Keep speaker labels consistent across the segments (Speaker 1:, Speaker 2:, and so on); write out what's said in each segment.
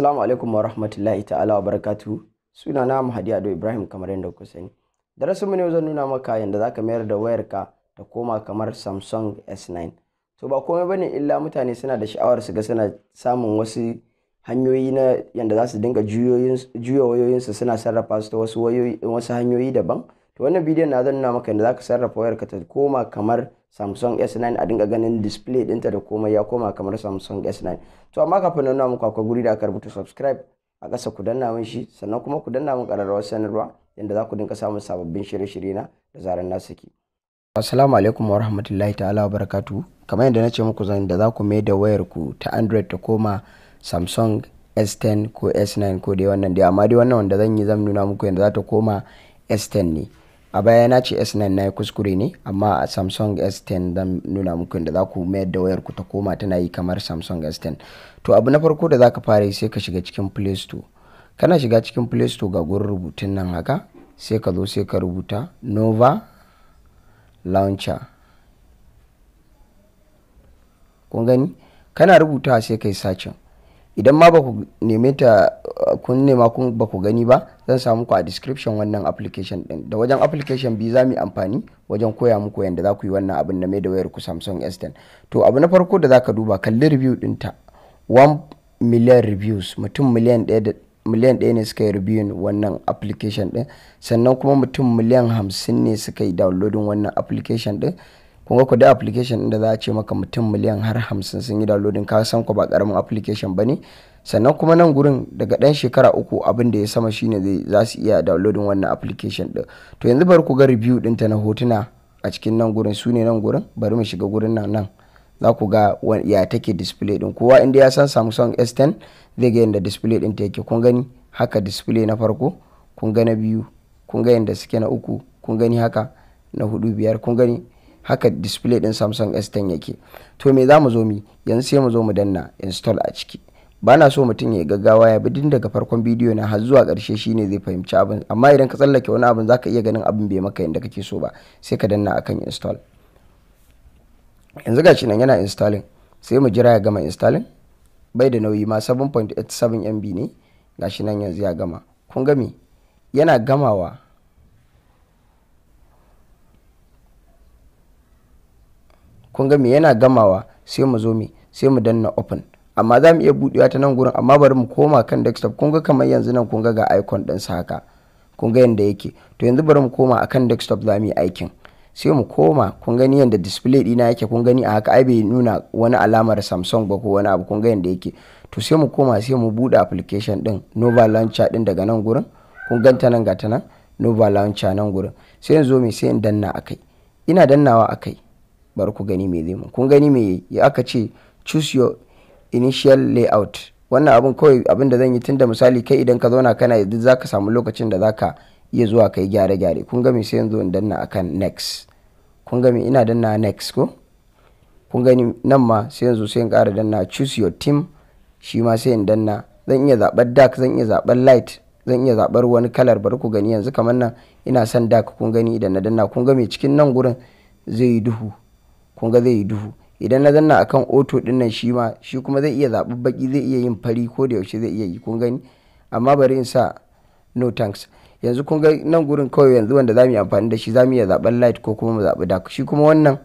Speaker 1: Assalamu alaikum wa rahmatullahi ta'ala wa barakatuhu. Suna na Mahadi Ado Ibrahim kamar yadda ku sani. Darasin mu ne zan nuna maka yadda zaka mayar da wayarka ta koma kamar Samsung S9. To ba komai bane illa mutane suna da sha'awar su ga suna samun wasu hanyoyi na yadda za su dinga juya wayoyinsu suna sarrafa su ta wasu wasu hanyoyi daban. To wannan bidiyon na zan nuna maka yadda zaka sarrafa wayarka ta koma kamar samsung s9 a dinga ganin display dinta da komai ya koma kamar samsung s9 to amma kafin nan muku akwai guri da aka rubuta subscribe a kasa ku danna min shi sannan kuma ku danna min ƙararrawar sanarwa yadda za ku dinga samun sababbin shirye-shirye na da zarar na saki assalamu alaikum wa rahmatullahi ta'ala wa barakatu kamar yadda na ce muku zan da za ku mai da wayar ku ta android ta koma samsung s10 ko s9 ko dai wannan dai amma dai wannan wanda zan yi zan nuna muku yadda za ta koma s10 ne a baya na ce s9 na yi kuskure ne amma a samsung s10 zan nuna muku inda za ku mayar da wayar ku ta koma tana yi kamar samsung s10 to abu na farko da za ka fara yi sai ka shiga cikin play store kana shiga cikin play store ga gurin rubutun nan haka sai ka zo sai ka rubuta nova launcher kun gani kana rubuta sai kai sacin idan ma ba ku neme ta kun nema kun ba ku gani ba zan samu ku a description wannan application din da wajen application bi za mu amfani wajen koya muku yadda za ku yi wannan abin na mai da wayar ku Samsung S10 to abu na farko da za ka duba kalli review ta 1 million reviews mutum miliyan ɗaya miliyan ɗaya ne suka yi reviewin wannan application din sannan kuma mutum miliyan hamsin ne suka yi downloading wannan application din. kuma ku da application da za a ce maka mutum miliyan har hamsin sun yi downloading ka san ku ba karamin application ba ne sannan kuma nan gurin daga ɗan shekara uku abin da ya sama shine zai za su iya downloading wannan application ɗin to yanzu bari ku ga review ta na hotuna a cikin nan gurin su ne nan gurin bari mu shiga gurin nan nan za ku ga ya take display ɗin kowa inda ya san samsung s10 zai ga yadda display ɗin ta yake kun gani haka display na farko kun ga na biyu kun ga yadda suke na uku kun gani haka na hudu biyar kun gani haka display din samsung s10 yake to me za mu zo mi yanzu sai mu zo mu danna install a ciki ba na so mutum ya gaggawa ya bi daga farkon bidiyo na har zuwa ƙarshe shine zai fahimci abin amma idan ka tsallake wani abin zaka iya ganin abin bai maka yadda kake so ba sai ka danna akan install yanzu gashi nan yana installing sai mu jira ya gama installing bai da nauyi ma 7.87 mb ne gashi nan yanzu ya gama kun gami yana gamawa kun ga me yana gamawa sai mu zo me sai mu danna open amma za mu iya budewa ta nan gurin amma bari mu koma kan desktop kun ga kamar yanzu nan kun ga ga icon din sa haka kun ga yanda yake to yanzu bari mu koma akan desktop za mu yi aikin sai mu koma kun gani yanda display dina yake kun gani a haka ai bai nuna wani alamar samsung ba ko wani abu kun ga yanda yake to sai mu koma sai mu bude application din nova launcher din daga nan gurin kun ganta nan ta nan nova launcher nan gurin sai yanzu me sai in danna akai ina dannawa akai bari ku gani me zai mun kun gani me ya aka ce choose your initial layout wannan abin kawai abin da zan yi tunda misali kai idan ka zauna kana yanzu ka samu lokacin da za ka iya zuwa kai gyare-gyare kun gami sai yanzu in danna akan next kun gami ina danna next ko kun gani nan ma sai yanzu sai in ƙara danna choose your team shi ma sai in danna zan iya zaɓar dark zan iya zaɓar light zan iya zaɓar wani kalar bari ku gani yanzu kamar nan ina son dark kun gani idan na danna kun gami cikin nan gurin zai yi duhu kun ga zai yi duhu idan na zanna akan oto din nan shi ma shi kuma zai iya zaɓi baki zai iya yin fari ko da yaushe zai iya yi kun gani amma bari in sa no tanks yanzu kun ga nan gurin kawai yanzu wanda za mu yi amfani da shi za mu iya zaɓen light ko kuma mu zaɓi dark shi kuma wannan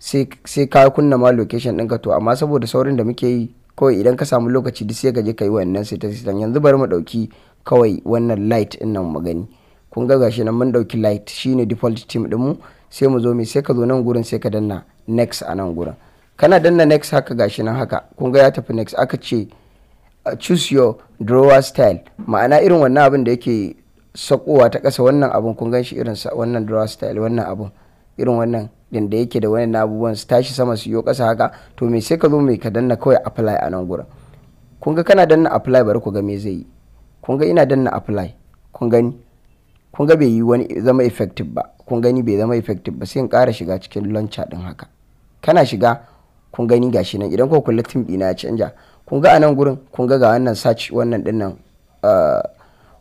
Speaker 1: sai ka kunna ma location ɗinka to amma saboda saurin da muke yi kawai idan ka samu lokaci duk sai ka je ka yi wannan sai ta ta yanzu bari mu ɗauki kawai wannan light in nan mu gani kun ga gashi nan mun ɗauki light shine default team ɗinmu sai mu zo mai sai ka zo nan gurin sai ka danna next a nan gurin kana danna next haka gashi nan haka kun ga ya tafi next aka ce uh, choose your drawer style ma'ana irin wannan abin da yake sakowa ta ƙasa wannan abin kun gan shi irin wannan drawer style wannan abin irin wannan din da yake da wani abubuwan su tashi sama su yi ƙasa haka to me sai ka zo me ka danna kawai apply a nan gurin kun ga kana danna apply bari ku ga me zai yi kun ga ina danna apply kun gani kun ga bai yi wani zama effective ba kun gani bai zama effective ba sai in ƙara shiga cikin launcher din haka kana shiga kun gani gashi nan idan ko kula tim dina ya canja kun ga a nan gurin kun ga ga wannan search wannan nan ah,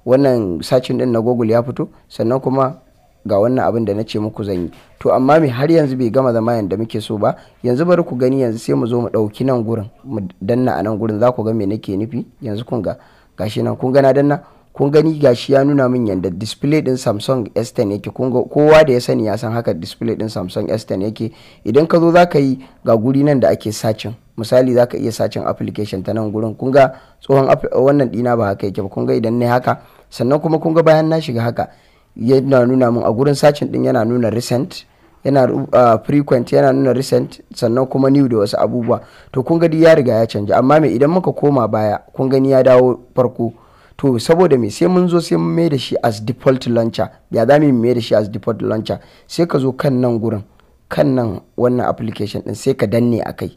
Speaker 1: wannan sacin din na google ya fito sannan kuma ga wannan abin da na ce muku zan yi to amma me har yanzu bai gama zama yadda muke so ba yanzu bari ku gani yanzu sai mu zo mu ɗauki nan gurin mu danna a nan gurin za ku ga me nake nufi yanzu kun ga gashi nan kun ga na danna kun gani gashi ya nuna min yadda display din samsung s10 yake kowa da ya sani ya san haka display din samsung s10 yake idan ka zo za ka yi ga guri nan da ake sacin misali za ka iya sacin application ta nan gurin kun ga tsohon wannan dina ba haka yake ba kun ga idan ne haka sannan kuma kun ga bayan na shiga haka yana nuna min a gurin sacin din yana nuna recent yana uh, frequent yana nuna recent sannan kuma new da wasu abubuwa to kun ga ya riga ya canja amma mai idan muka koma baya kun gani ya dawo farko to saboda me sai mun zo sai mun mai da shi as default launcher ya za mu mai da shi as default launcher sai ka zo kan nan gurin kan nan wannan application din sai ka danne a kai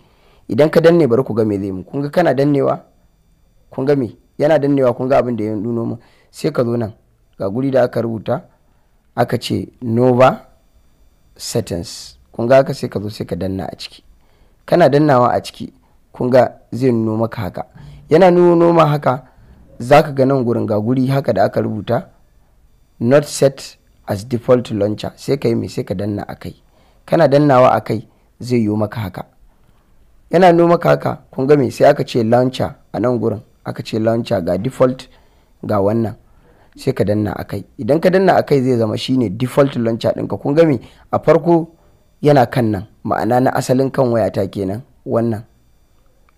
Speaker 1: idan ka danne bari ku ga me zai mu kun ga kana dannewa kun ga me yana dannewa kun ga abin da ya nuno mu sai ka zo nan ga guri da aka rubuta aka ce nova settings kun ga haka sai ka zo sai ka danna a ciki kana dannawa a ciki kun ga zai nuno maka haka yana nuno ma haka za ka ga nan gurin ga guri haka da aka rubuta not set as default launcher sai ka yi mai sai ka danna a kai kana dannawa a kai zai yi maka haka yana nuna maka haka kun ga me sai aka ce launcher a nan gurin aka ce launcher ga default ga wannan sai ka danna a kai idan ka danna a kai zai zama shine default launcher ɗinka kun ga a farko yana kan nan ma'ana na asalin kan wayata kenan wannan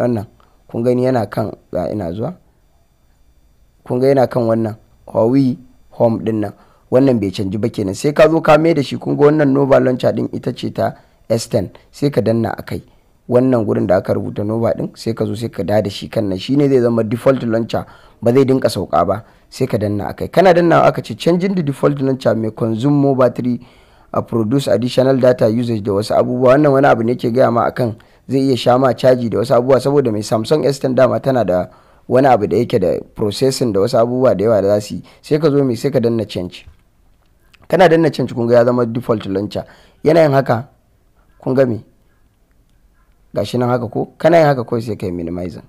Speaker 1: wannan kun gani yana kan ga ina zuwa kun ga yana kan wannan huawei home din nan wannan bai canji ba kenan sai ka zo ka mai da shi kun ga wannan nova launcher din ita ce ta s10 sai ka danna akai wannan gurin da aka rubuta nova din sai ka zo sai ka da da shi kan nan shine zai zama default launcher ba zai dinka sauka ba sai ka danna akai kana danna aka ce canjin da default launcher mai consume more battery a produce additional data usage da wasu abubuwa wannan wani abu ne ke gaya ma akan zai iya sha ma caji da wasu abubuwa saboda mai samsung s10 dama tana da wani abu da yake da processing da wasu abubuwa da yawa da za su yi sai ka zo mai sai ka danna change kana danna change kun ga ya zama default launcher yana yin haka kun ga me gashi nan haka ko kana yin haka kawai sai ka yi minimizing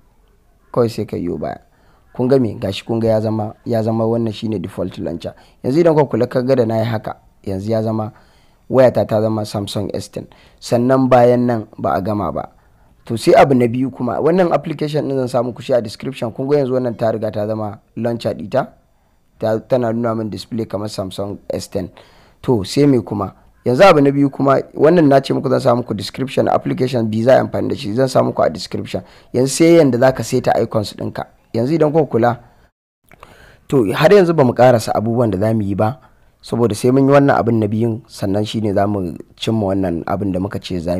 Speaker 1: kawai sai ka yi baya kun ga me gashi kun ga ya zama ya zama wannan shine default launcher yanzu idan ka kula ka ga da nayi haka yanzu ya zama wayata ta zama Samsung S10 sannan bayan nan ba a gama ba to sai abu na biyu kuma wannan application din zan samu kushi a description kun yanzu wannan ta riga ta zama launcher dita tana nuna min display kamar samsung s10 to sai me kuma yanzu abu na biyu kuma wannan na ce muku zan samu ku description application bi za amfani da shi zan samu ku a description yanzu sai yanda zaka seta icons dinka yanzu idan ku kula to har yanzu ba mu karasa abubuwan da za mu yi ba saboda sai mun yi wannan abin na biyun sannan shine za mu cimma wannan abin da muka ce za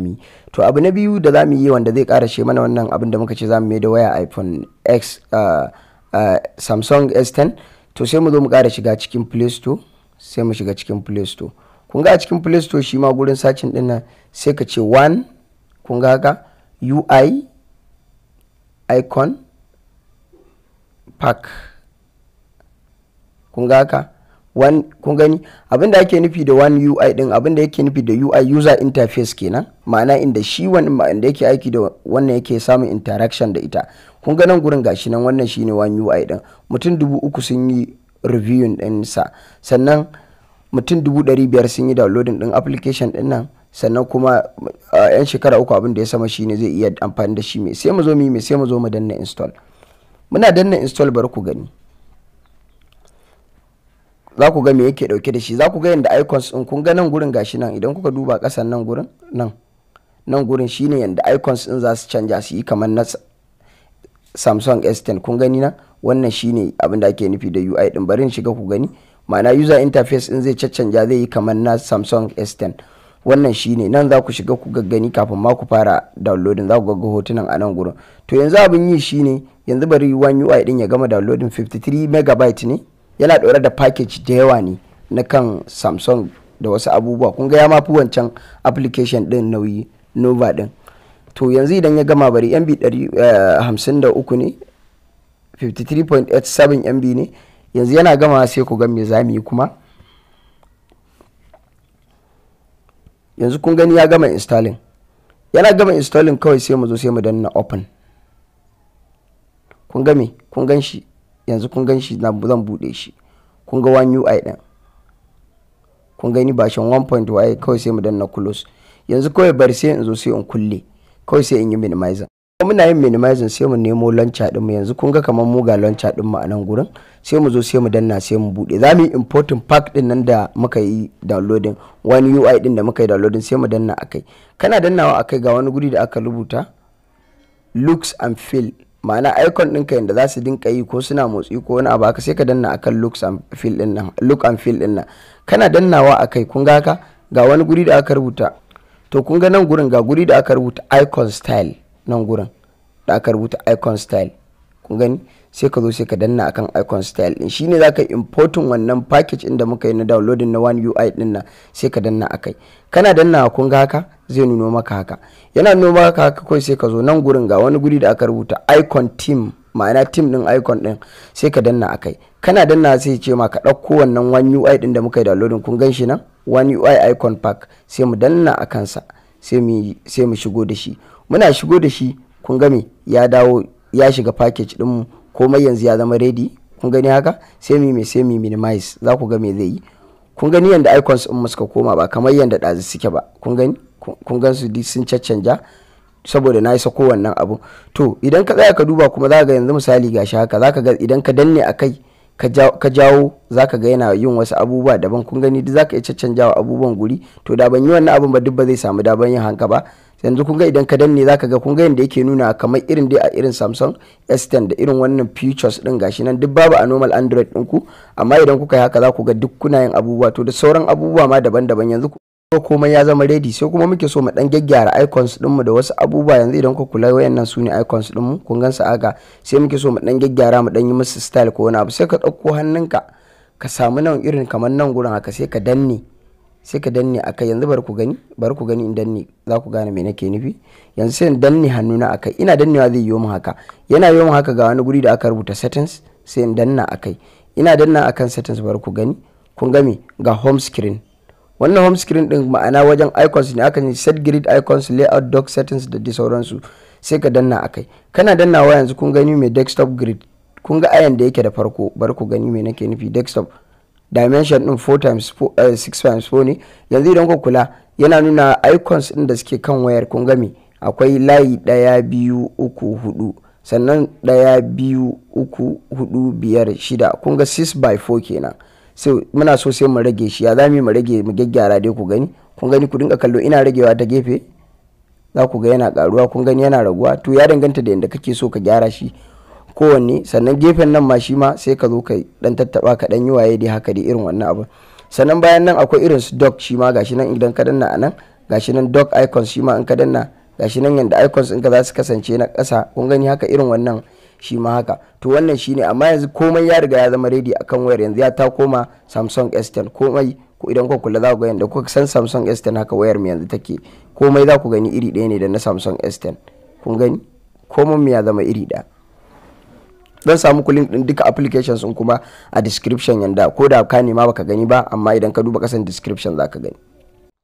Speaker 1: to abu na biyu da za mu yi wanda zai karashe mana wannan abin da muka ce za mu mai da waya iphone x uh, uh samsung s10 to sai mu zo mu kara shiga cikin play store sai mu shiga cikin play store kun ga a cikin play store shi ma gurin sacin din nan sai ka ce one kun ga ka ui icon pack kun ga ka. kun gani abin da ake nufi da one UI din abin da yake nufi da UI user interface kenan ma'ana inda shi wannan da yake aiki da wannan yake samun interaction da ita kun ga nan gurin gashi nan wannan shine one UI din mutum dubu uku sun yi reviewing sa sannan mutum dubu ɗari biyar sun yi downloading din application din nan sannan kuma yan shekara uku abin da ya sama shine zai iya amfani da shi mai sai mu zo mu yi mai sai mu zo mu danna install muna danna install bari ku gani za ku ga me yake dauke da shi za ku ga yadda icons din kun ga nan gurin gashi nan idan kuka duba kasan nan gurin nan nan gurin shine yadda icons din za su canja su yi kamar na samsung s10 kun gani na wannan shine abin da ake nufi da ui din bari in shiga ku gani ma'ana user interface din zai caccanja zai yi kamar na samsung s10 wannan shine nan za ku shiga ku gaggani kafin ma ku fara downloading za ku ga hotunan a nan gurin to yanzu abin yi shine yanzu bari one ui din ya gama downloading 53 megabyte ne yana ɗaure da package da yawa ne na kan samsung da wasu abubuwa kun ga ya mafi wancan application ɗin nauyi nova ɗin to yanzu idan ya gama bari mb 53 eh, ne 53.87 mb ne yanzu yana gama sai ku ga me za mu yi kuma yanzu kun gani ya gama installing yana gama installing kawai sai mu zo sai mu danna open kun gami kun gan shi yanzu kun gan shi zan buɗe shi kun ga one UI ɗin kun gani bashin 1.y kawai sai mu danna close yanzu kawai bari sai in zo sai in kulle kawai sai in yi minimizing muna yin minimizing sai mu nemo launcher din mu yanzu kun ga kamar mu ga launcher din mu a nan gurin sai mu zo sai mu danna sai mu bude zamu yi important pack din nan da muka yi downloading one UI din da muka yi downloading sai mu danna akai kana dannawa akai ga wani guri da aka rubuta looks and feel ma'ana icon ɗinka yadda za su dinka yi ko suna motsi ko wani abu haka sai ka danna akan look and feel ɗin nan look and feel ɗin nan kana dannawa akai kun ga ka ga wani guri da aka rubuta to kun ga nan gurin ga guri da aka rubuta icon style nan gurin da aka rubuta icon style kun gani sai ka zo sai ka danna akan icon style din shine zaka importin wannan package inda da muka yi na downloading na one UI ɗin nan sai ka danna akai kana danna kun ga ka. zai nuno maka haka yana nuno maka haka kawai sai ka zo nan gurin ga wani guri da aka rubuta icon team ma'ana team din icon din sai ka danna akai kana danna sai ya ce ma ka ɗauko wannan one UI din da muka yi downloading kun gan shi nan one UI icon pack sai mu danna a kansa sai mu shigo da shi muna shigo da shi kun ga me ya dawo ya shiga package din mu komai yanzu ya zama ready kun gani haka sai mi mai sai mi minimize za ku ga me zai yi kun gani yanda icons din mu suka koma ba kamar yanda ɗazu suke ba kun gani kun gan su sun cancanja saboda na isa kowannan abu to idan ka tsaya ka duba kuma za ga yanzu misali gashi haka za ka ga idan ka danne a kai ka jawo za ka ga yana yin wasu abubuwa daban kun gani duk za ka iya wa abubuwan guri to da ban yi wannan abin ba duk ba zai samu daban yin hanka ba yanzu kun ga idan ka danne za ka ga kun ga yadda yake nuna kamar irin dai a irin samsung s10 da irin wannan futures din gashi nan duk babu a normal android ɗinku amma idan kuka yi haka za ku ga duk kuna yin abubuwa to da sauran abubuwa ma daban-daban yanzu komai ya zama ready sai kuma muke so mu dan gaggyara icons dinmu da wasu abubuwa yanzu idan ku kula wayannan su ne icons dinmu kun gan su aga sai muke so mu dan gyaggyara mu dan yi musu style ko wani abu sai ka dauko hannunka ka samu nan irin kamar nan gurin haka sai ka danne sai ka danne akai yanzu bar ku gani bar ku gani in danne za ku gane me nake nufi yanzu sai in danne hannuna akai ina dannewa zai yi mu haka yana yi mu haka ga wani guri da aka rubuta settings sai in danna akai ina danna akan settings bar ku gani kun ga me ga home screen wannan home screen din ma'ana wajen icons ne aka set grid icons layout dock settings da dai sauransu sai ka danna akai kana dannawa yanzu kun gani mai desktop grid kun ga ayan da yake da farko bari ku gani me nake nufi desktop dimension din 4 times 6 eh, times 4 ne yanzu idan ku kula yana nuna icons din da suke kan wayar kun ga me akwai layi 1 biyu uku hudu sannan 1 biyu uku hudu biyar shida kun ga 6 by 4 kenan sai muna so sai mu rage shi ya za mu rage mu gyaggyara dai ku gani kun gani ku dinga kallo ina ragewa ta gefe za ku ga yana karuwa kun gani yana raguwa to ya danganta da yadda kake so ka gyara shi kowanne sannan gefen nan ma shi ma sai ka zo ka dan tattaba ka dan yi waye dai haka dai irin wannan abu sannan bayan nan akwai irin su dog shi ma gashi nan idan ka danna anan gashi nan dog icons shi ma in ka danna gashi nan yanda icons in ka za su kasance na ƙasa kun gani haka irin wannan shi ma haka to wannan shine amma yanzu komai ya riga ya zama ready akan wayar yanzu ya ta koma samsung s10 komai ko idan kuka kula za ku ga yanda kuka san samsung s10 haka wayar mu yanzu take komai za ku gani iri ɗaya ne da na samsung s10 kun gani komai mu ya zama iri ɗaya don samu ku link din duka applications din kuma a description yanda ko da ka nema baka gani ba amma idan ka duba kasan description za ka gani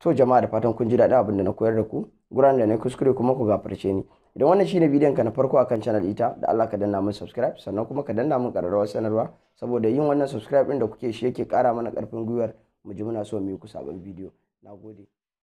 Speaker 1: to jama'a da fatan kun ji daɗin abin da na koyar da ku guran da na kuskure kuma ku gafarce ni idan wannan shine bidiyon ka na farko akan channel ita da Allah ka danna mun subscribe sannan kuma ka danna mun kararrawar sanarwa saboda yin wannan subscribe din da kuke shi yake kara mana karfin gwiwar mu ji muna so mu yi ku sabon bidiyo nagode